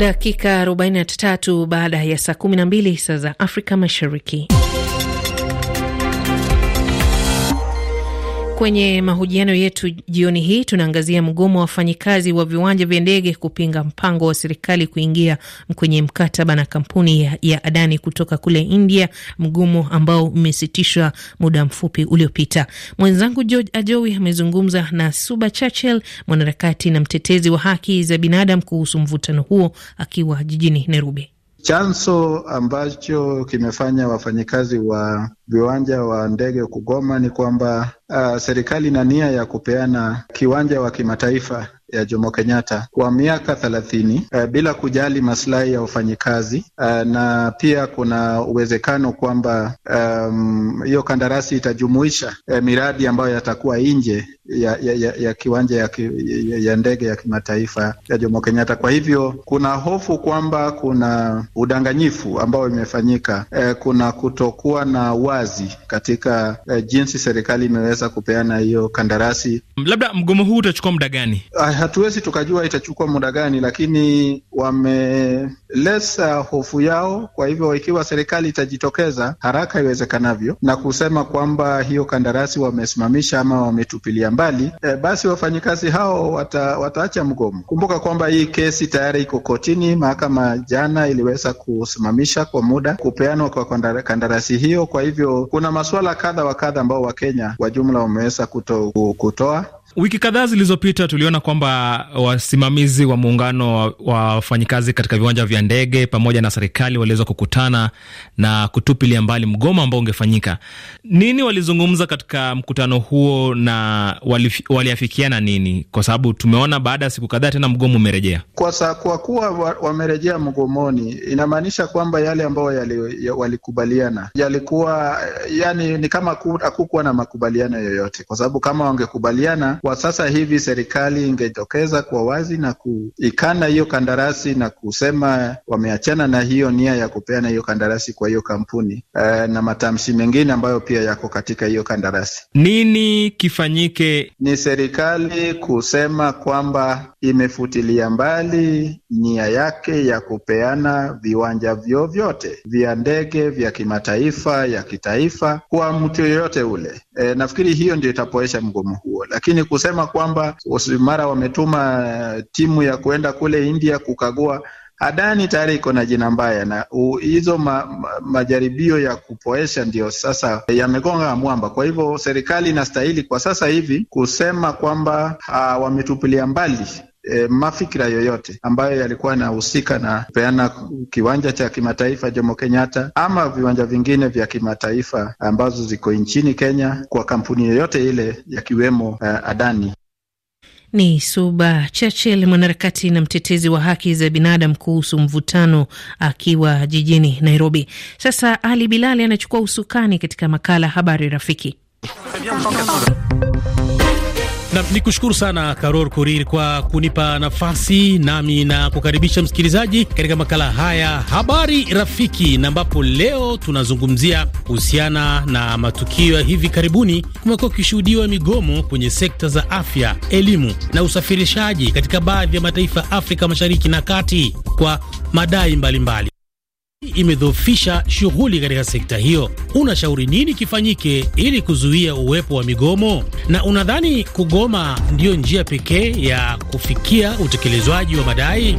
Dakika 43 baada ya saa 12 saa za Afrika Mashariki. Kwenye mahojiano yetu jioni hii tunaangazia mgomo wa wafanyikazi wa viwanja vya ndege kupinga mpango wa serikali kuingia kwenye mkataba na kampuni ya, ya Adani kutoka kule India, mgomo ambao umesitishwa muda mfupi uliopita. Mwenzangu George Ajowi amezungumza na Suba Churchill, mwanaharakati na mtetezi wa haki za binadamu kuhusu mvutano huo akiwa jijini Nairobi. Chanzo ambacho kimefanya wafanyikazi wa viwanja wa ndege kugoma ni kwamba uh, serikali ina nia ya kupeana kiwanja wa kimataifa ya Jomo Kenyatta kwa miaka thelathini uh, bila kujali masilahi ya wafanyikazi uh, na pia kuna uwezekano kwamba um, hiyo um, kandarasi itajumuisha uh, miradi ambayo yatakuwa nje ya, ya, ya, ya kiwanja ya, ki, ya, ya ndege ya kimataifa ya Jomo Kenyatta. Kwa hivyo kuna hofu kwamba kuna udanganyifu ambao imefanyika, e, kuna kutokuwa na wazi katika e, jinsi serikali imeweza kupeana hiyo kandarasi. Labda mgomo huu utachukua muda gani? Ah, hatuwezi tukajua itachukua muda gani, lakini wamelesa hofu yao. Kwa hivyo ikiwa serikali itajitokeza haraka iwezekanavyo na kusema kwamba hiyo kandarasi wamesimamisha ama wametupilia mbali eh, basi wafanyikazi hao wata, wataacha mgomo. Kumbuka kwamba hii kesi tayari iko kotini. Mahakama jana iliweza kusimamisha kwa muda kupeanwa kwa kandarasi hiyo. Kwa hivyo kuna masuala kadha wa kadha ambao Wakenya kwa jumla wameweza kuto, kutoa Wiki kadhaa zilizopita tuliona kwamba wasimamizi wa muungano wa wafanyikazi katika viwanja vya ndege pamoja na serikali waliweza kukutana na kutupilia mbali mgomo ambao ungefanyika. Nini walizungumza katika mkutano huo na waliafikiana nini? Kwa sababu tumeona baada ya siku kadhaa tena mgomo umerejea. Kwa kwa kuwa wamerejea wa mgomoni, inamaanisha kwamba yale ambayo yali, ya, walikubaliana yalikuwa yani ni kama hakukuwa na makubaliano yoyote, kwa sababu kama wangekubaliana kwa sasa hivi serikali ingejitokeza kwa wazi na kuikana hiyo kandarasi na kusema wameachana na hiyo nia ya kupeana hiyo kandarasi kwa hiyo kampuni e, na matamshi mengine ambayo pia yako katika hiyo kandarasi. Nini kifanyike? Ni serikali kusema kwamba imefutilia mbali nia yake ya kupeana viwanja vyovyote vya ndege vya kimataifa ya kitaifa kwa mtu yoyote ule. E, nafikiri hiyo ndio itapoesha mgomo huo, lakini kusema kwamba mara wametuma e, timu ya kuenda kule India kukagua hadani tayari iko na jina mbaya, na hizo ma, ma, majaribio ya kupoesha ndio sasa yamegonga mwamba. Kwa hivyo serikali inastahili kwa sasa hivi kusema kwamba wametupilia mbali e, mafikira yoyote ambayo yalikuwa yanahusika na kupeana kiwanja cha kimataifa Jomo Kenyatta ama viwanja vingine vya kimataifa ambazo ziko nchini Kenya kwa kampuni yoyote ile yakiwemo uh, Adani. Ni Suba Churchill, mwanaharakati na mtetezi wa haki za binadamu kuhusu mvutano, akiwa jijini Nairobi. Sasa Ali Bilali anachukua usukani katika makala Habari Rafiki. Na kushukuru sana Karol Kurir kwa kunipa nafasi nami na kukaribisha msikilizaji katika makala haya Habari Rafiki, na ambapo leo tunazungumzia kuhusiana na matukio ya hivi karibuni. Kumekuwa kushuhudiwa migomo kwenye sekta za afya, elimu na usafirishaji katika baadhi ya mataifa ya Afrika Mashariki na Kati kwa madai mbalimbali mbali imedhoofisha shughuli katika sekta hiyo. Unashauri nini kifanyike ili kuzuia uwepo wa migomo, na unadhani kugoma ndiyo njia pekee ya kufikia utekelezwaji wa madai?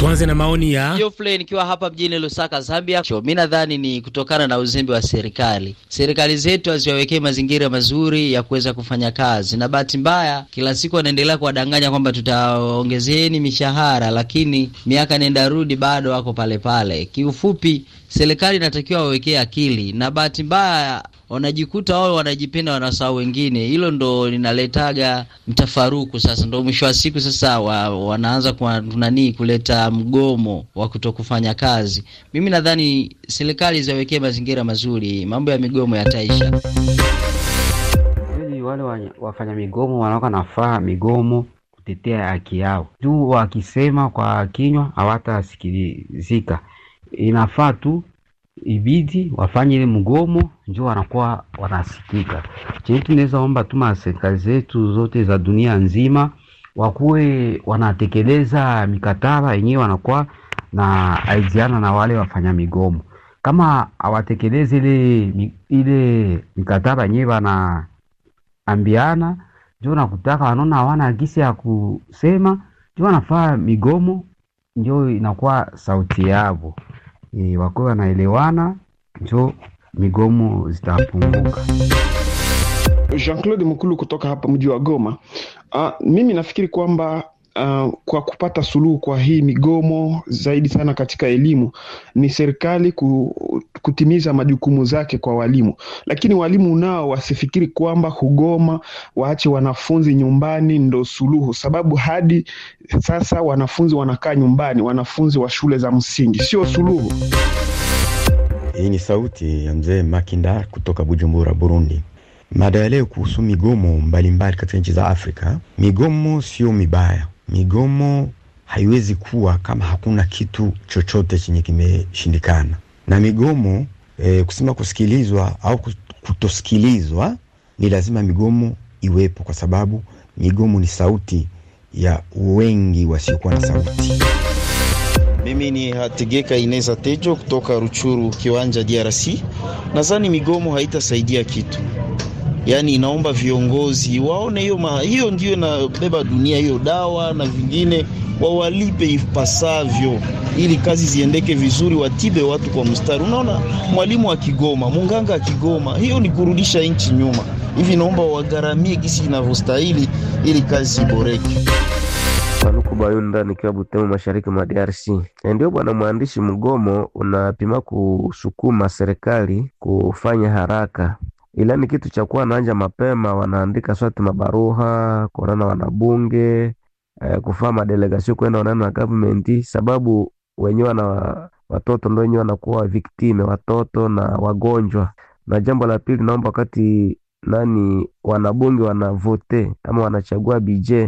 Tuanze na maoni ya Geoffrey nikiwa hapa mjini Lusaka, Zambia. Mimi nadhani ni kutokana na uzembe wa serikali. Serikali zetu haziwawekee mazingira mazuri ya kuweza kufanya kazi, na bahati mbaya kila siku wanaendelea kuwadanganya kwamba tutaongezeeni mishahara, lakini miaka nenda rudi bado wako pale pale. Kiufupi, serikali inatakiwa wawekee akili, na bahati mbaya wanajikuta wao wanajipenda, wanasahau wengine. Hilo ndo linaletaga mtafaruku. Sasa ndo mwisho wa siku sasa wa, wanaanza kwa nani kuleta mgomo wa kutokufanya kazi. Mimi nadhani serikali ziwekee mazingira mazuri, mambo ya migomo yataisha. Wale wafanya migomo wanaoka nafaa migomo kutetea haki yao, juu wakisema kwa kinywa hawatasikilizika. Inafaa tu ibidi wafanye ile mgomo, njo wanakuwa wanasikika. Chenye tunaweza omba tu maserikali zetu zote za dunia nzima wakuwe wanatekeleza mikataba yenyewe wanakuwa na aidiana na wale wafanya migomo. Kama hawatekeleze ile ile mikataba yenyewe wanaambiana, njo nakutaka wanaona hawana gisi ya kusema, ndio wanafaa migomo, njo inakuwa sauti yao e, wakuwe wanaelewana njo migomo zitapunguka. Jean Claude Mkulu kutoka hapa mji wa Goma. Ah, mimi nafikiri kwamba uh, kwa kupata suluhu kwa hii migomo zaidi sana katika elimu ni serikali ku, kutimiza majukumu zake kwa walimu, lakini walimu nao wasifikiri kwamba hugoma waache wanafunzi nyumbani ndo suluhu, sababu hadi sasa wanafunzi wanakaa nyumbani, wanafunzi wa shule za msingi, sio suluhu. Hii ni sauti ya mzee Makinda kutoka Bujumbura, Burundi. Mada ya leo kuhusu migomo mbalimbali katika nchi za Afrika. Migomo sio mibaya, migomo haiwezi kuwa kama hakuna kitu chochote chenye kimeshindikana. Na migomo e, kusema kusikilizwa au kutosikilizwa, ni lazima migomo iwepo, kwa sababu migomo ni sauti ya wengi wasiokuwa na sauti. Mimi ni Hategeka Ineza Tejo kutoka Ruchuru Kiwanja, DRC. Nadhani migomo haitasaidia kitu Yani inaomba viongozi waone hiyo hiyo ndio inabeba dunia hiyo dawa na vingine wawalipe ipasavyo ili kazi ziendeke vizuri, watibe watu kwa mstari. Unaona, mwalimu akigoma, munganga akigoma, hiyo ni kurudisha nchi nyuma. Hivi naomba wagharamie gisi inavyostahili ili kazi iboreke. Saluku Bayuni ndani kiwa mashariki mwa DRC. Ndio bwana mwandishi, mgomo unapima kusukuma serikali kufanya haraka ila ni kitu cha kuwa naanja mapema, wanaandika swati mabaruha kuonana wanabunge eh, kufaa madelegasio kwenda onana na government, sababu wenyewe wana watoto ndio wenyewe wanakuwa viktime, watoto na wagonjwa. Na jambo la pili, naomba wakati nani wanabunge wanavote ama wanachagua bj eh,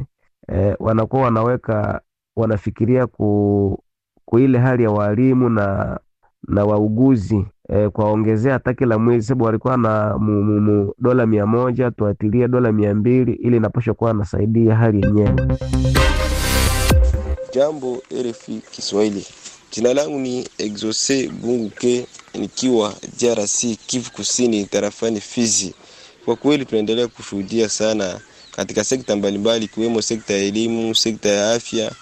wanakuwa wanaweka wanafikiria ku, ku ile hali ya walimu na na wauguzi e, kwaongezea taki la mwezi sababu walikuwa na mu, mu, mu, dola mia moja tuatilie dola mia mbili ili inapasha kuwa anasaidia hali yenyewe. Jambo RFI Kiswahili, jina langu ni Exose Bunguke nikiwa DRC Kivu Kusini tarafani Fizi. Kwa kweli tunaendelea kushuhudia sana katika sekta mbalimbali ikiwemo sekta ya elimu, sekta ya afya,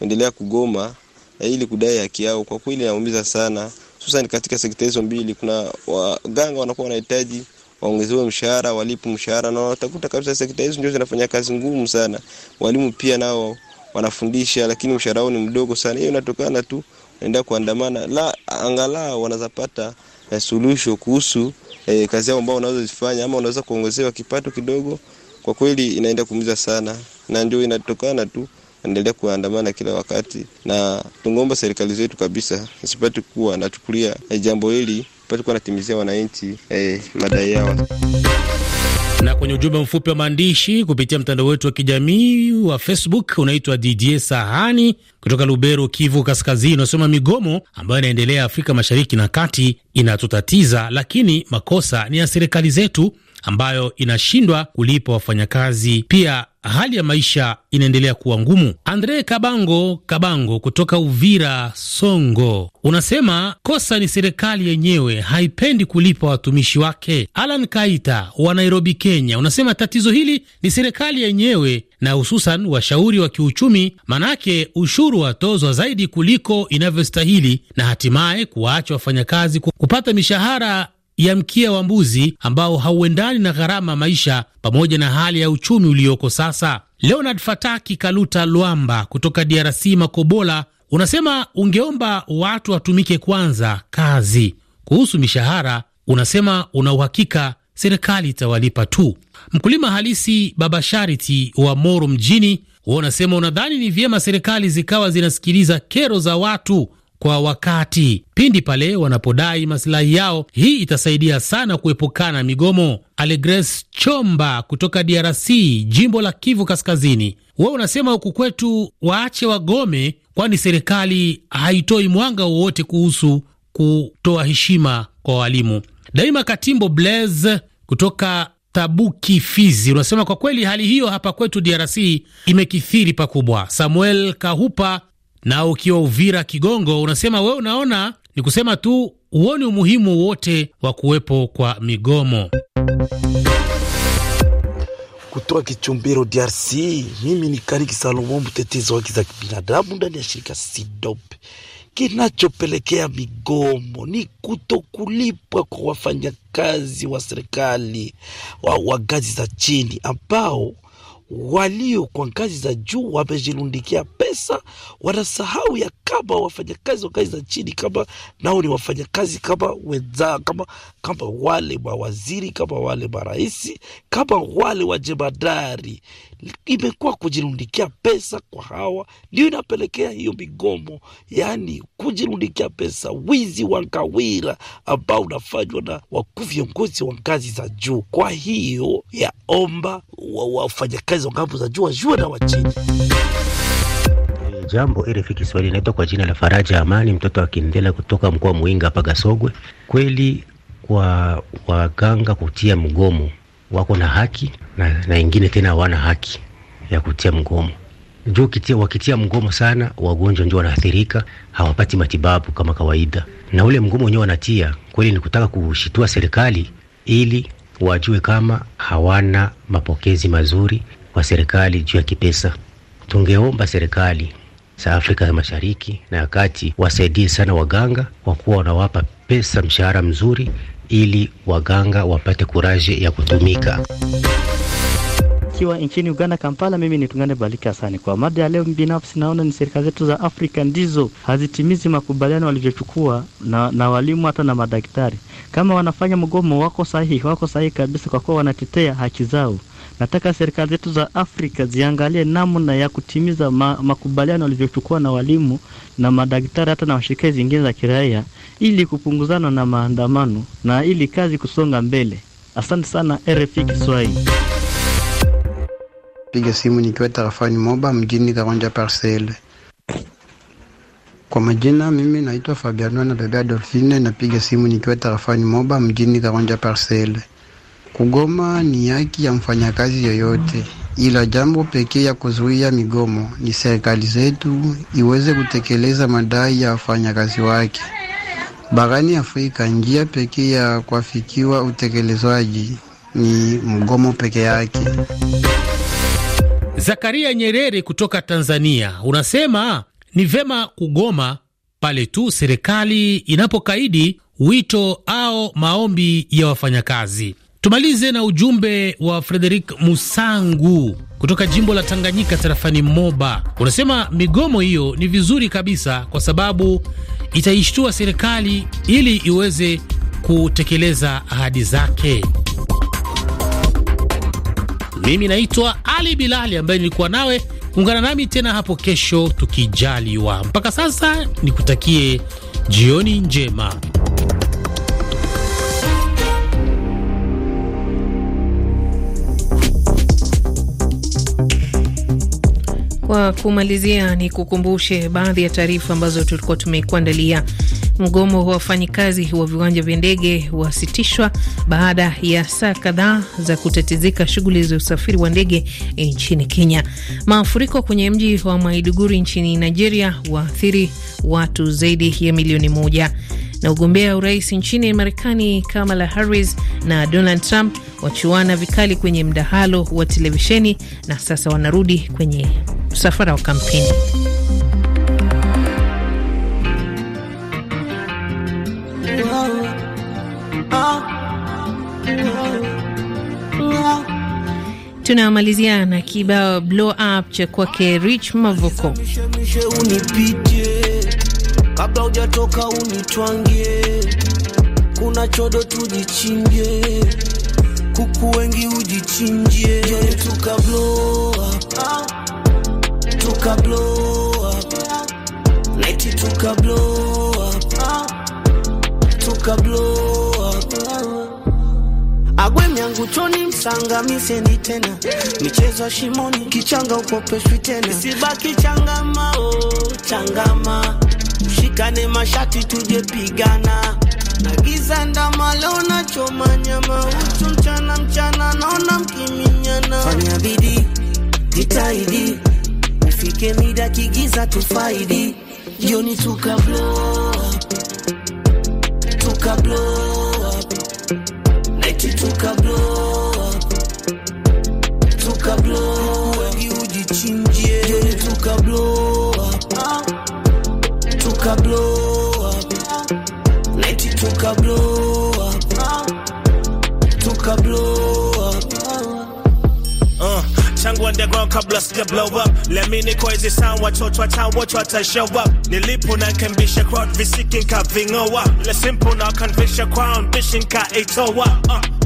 endelea kugoma ili kudai haki yao. Kwa kweli naumiza sana hususan katika sekta hizo mbili. Kuna waganga wanakuwa wanahitaji waongezewe mshahara, walipu mshahara, na watakuta kabisa sekta hizo ndio zinafanya kazi ngumu sana. Walimu pia nao wanafundisha, lakini mshahara wao ni mdogo sana. Hiyo inatokana tu naenda kuandamana, la angalau wanazapata eh, suluhisho kuhusu eh, kazi yao ambao wanaweza zifanya, ama wanaweza kuongezewa kipato kidogo. Kwa kweli inaenda kuumiza sana, na ndio inatokana tu endelea kuandamana kila wakati, na tungeomba serikali zetu kabisa isipate kuwa nachukulia eh, jambo hili pate kuwa natimizia wananchi eh, madai yao na kwenye ujumbe mfupi wa maandishi kupitia mtandao wetu wa kijamii wa Facebook unaitwa DJ Sahani kutoka Lubero, Kivu Kaskazini, unasema migomo ambayo inaendelea Afrika Mashariki na Kati inatutatiza, lakini makosa ni ya serikali zetu ambayo inashindwa kulipa wafanyakazi. Pia hali ya maisha inaendelea kuwa ngumu. Andre Kabango Kabango kutoka Uvira Songo unasema kosa ni serikali yenyewe, haipendi kulipa watumishi wake. Alan Kaita wa Nairobi, Kenya unasema tatizo hili ni serikali yenyewe na hususan washauri wa kiuchumi, manake ushuru watozwa zaidi kuliko inavyostahili na hatimaye kuwaacha wafanyakazi kupata mishahara ya mkia wa mbuzi ambao hauendani na gharama maisha pamoja na hali ya uchumi ulioko sasa. Leonard Fataki Kaluta Lwamba kutoka DRC Makobola unasema ungeomba watu watumike kwanza kazi. Kuhusu mishahara, unasema una uhakika serikali itawalipa tu. Mkulima halisi Baba Shariti wa Moro mjini, huwa unasema unadhani ni vyema serikali zikawa zinasikiliza kero za watu kwa wakati pindi pale wanapodai masilahi yao. Hii itasaidia sana kuepukana migomo. Alegres Chomba kutoka DRC, jimbo la Kivu Kaskazini, wewe unasema huku kwetu waache wagome, kwani serikali haitoi mwanga wowote kuhusu kutoa heshima kwa walimu. Daima Katimbo Blaise kutoka Tabuki, Fizi, unasema kwa kweli hali hiyo hapa kwetu DRC imekithiri pakubwa. Samuel Kahupa na ukiwa Uvira Kigongo, unasema wewe unaona ni kusema tu huoni umuhimu wote wa kuwepo kwa migomo. Kutoka Kichumbiro, DRC, mimi ni Kariki Salomo, mtetezi wa haki za kibinadamu ndani ya shirika SIDOP. Kinachopelekea migomo ni kutokulipwa kwa wafanyakazi wa serikali wa, wa ngazi za chini ambao walio kwa ngazi za juu wamejirundikia pesa, wanasahau ya kama wafanyakazi wa ngazi za chini kama nao ni wafanyakazi kama wenzao, kama, kama wale mawaziri, kama wale maraisi, kama wale wajemadari imekuwa kujirundikia pesa kwa hawa, ndio inapelekea hiyo migomo, yaani kujirundikia pesa, wizi wa ngawira ambao unafanywa na wakuu viongozi wa ngazi za juu. Kwa hiyo ya omba wafanyakazi wa, ngambo za juu wajue na wachini Jambo RFI Kiswahili, inaitwa kwa jina la Faraja Amani, mtoto wa Kindela kutoka mkoa Muinga hapa Gasogwe. Kweli kwa waganga kutia mgomo wako na haki na, na ingine tena hawana haki ya kutia mgomo juu kitia, wakitia mgomo sana wagonjwa ndio wanaathirika, hawapati matibabu kama kawaida. Na ule mgomo wenyewe wanatia kweli ni kutaka kushitua serikali ili wajue kama hawana mapokezi mazuri kwa serikali juu ya kipesa. Tungeomba serikali za Afrika ya Mashariki na ya Kati wasaidie sana waganga kwa kuwa wanawapa pesa mshahara mzuri ili waganga wapate kuraje ya kutumika ikiwa nchini Uganda, Kampala. Mimi ni Tungane Balika Asani. Kwa mada ya leo, binafsi naona ni serikali zetu za Afrika ndizo hazitimizi makubaliano walivyochukua na, na walimu hata na madaktari. Kama wanafanya mgomo, wako sahihi, wako sahihi kabisa, kwa kuwa wanatetea haki zao. Nataka serikali zetu za Afrika ziangalie namna ya kutimiza ma, makubaliano walivyochukua na walimu na madaktari hata na washirika zingine za kiraia ili kupunguzana na maandamano na ili kazi kusonga mbele. Asante sana RFI Kiswahili. Piga simu nikiwa tarafani Moba mjini Karonja Parcel. Kwa majina mimi naitwa Fabiano na bebe Adolfine, napiga simu nikiwa tarafani Moba mjini Karonja Parcele. Kugoma ni haki ya mfanyakazi yoyote, ila jambo pekee ya kuzuia migomo ni serikali zetu iweze kutekeleza madai ya wafanyakazi wake. Barani Afrika, njia pekee ya kuafikiwa utekelezwaji ni mgomo peke yake. Zakaria Nyerere kutoka Tanzania unasema ni vema kugoma pale tu serikali inapokaidi wito au maombi ya wafanyakazi. Tumalize na ujumbe wa Frederik Musangu kutoka jimbo la Tanganyika tarafani Moba. Unasema migomo hiyo ni vizuri kabisa, kwa sababu itaishtua serikali ili iweze kutekeleza ahadi zake. Mimi naitwa Ali Bilali ambaye nilikuwa nawe. Ungana nami tena hapo kesho tukijaliwa. Mpaka sasa nikutakie jioni njema. Kwa kumalizia, ni kukumbushe baadhi ya taarifa ambazo tulikuwa tumekuandalia. Mgomo wa wafanyikazi wa viwanja vya ndege wasitishwa baada ya saa kadhaa za kutatizika shughuli za usafiri wa ndege nchini Kenya. mafuriko kwenye mji wa Maiduguri nchini Nigeria waathiri watu zaidi ya milioni moja na ugombea urais nchini Marekani Kamala Harris na Donald Trump wachuana vikali kwenye mdahalo wa televisheni na sasa wanarudi kwenye msafara wa kampeni. Tunamalizia na kibao blow up cha kwake Rich Mavoko. Kabla hujatoka unitwangie, kuna chodo tujichinje kuku wengi ujichinjie tuka blow utoni msanga miseni tena michezo shimoni kichanga ukopeshwi tena isibaki changama oh, changama shikane mashati tuje pigana na giza ndamalo na choma nyama uchu mchana mchana naona mkiminyana fanya bidi jitahidi ufike mida kigiza tufaidi jioni tuka blow up tuka blow up night tuka blow tuka blow up, tuka blow up, night tuka blow up, tuka blow up. Uh, tangu underground kabla sija blow up, lemini kwa hizi sound, watoto watan wote wata show up. Nilipo na kembisha crowd visiki nka vingoa, le simple na kanvisha crown, dishi nka itoa uh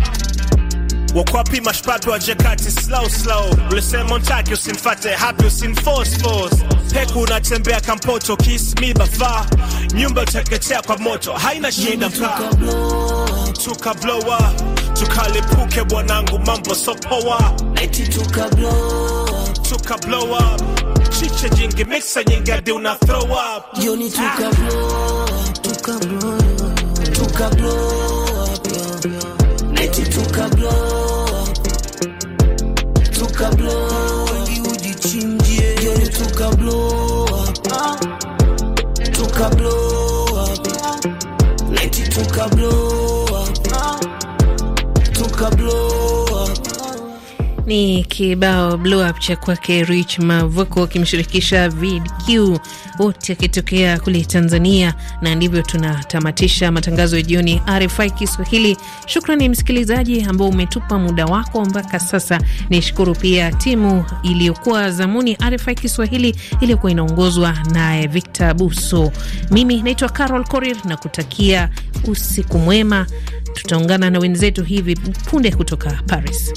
wakwapi mashpapi wajekati slow slow, ulisema ntaki usinfate hapi usinforce force, peku unatembea kampoto kiss me bafa, nyumba utaketea kwa moto haina shida ka tukablowa tukalipuke bwanangu, mambo sopoa tukablow up chiche jingi mixa nyingi adi una throw up Yoni tukablow ah. up tukablow up tukablow up Neti tukablow tukablow wengi ujichimbie, tuka blow Ni kibao blow up cha kwake Rich Mavoko akimshirikisha VidQ wote akitokea kule Tanzania, na ndivyo tunatamatisha matangazo ya jioni RFI Kiswahili. Shukrani msikilizaji ambao umetupa muda wako mpaka sasa. Nishukuru pia timu iliyokuwa zamuni RFI Kiswahili iliyokuwa inaongozwa naye Victor Buso. Mimi naitwa Carol Korir na kutakia usiku mwema. Tutaungana na wenzetu hivi punde kutoka Paris.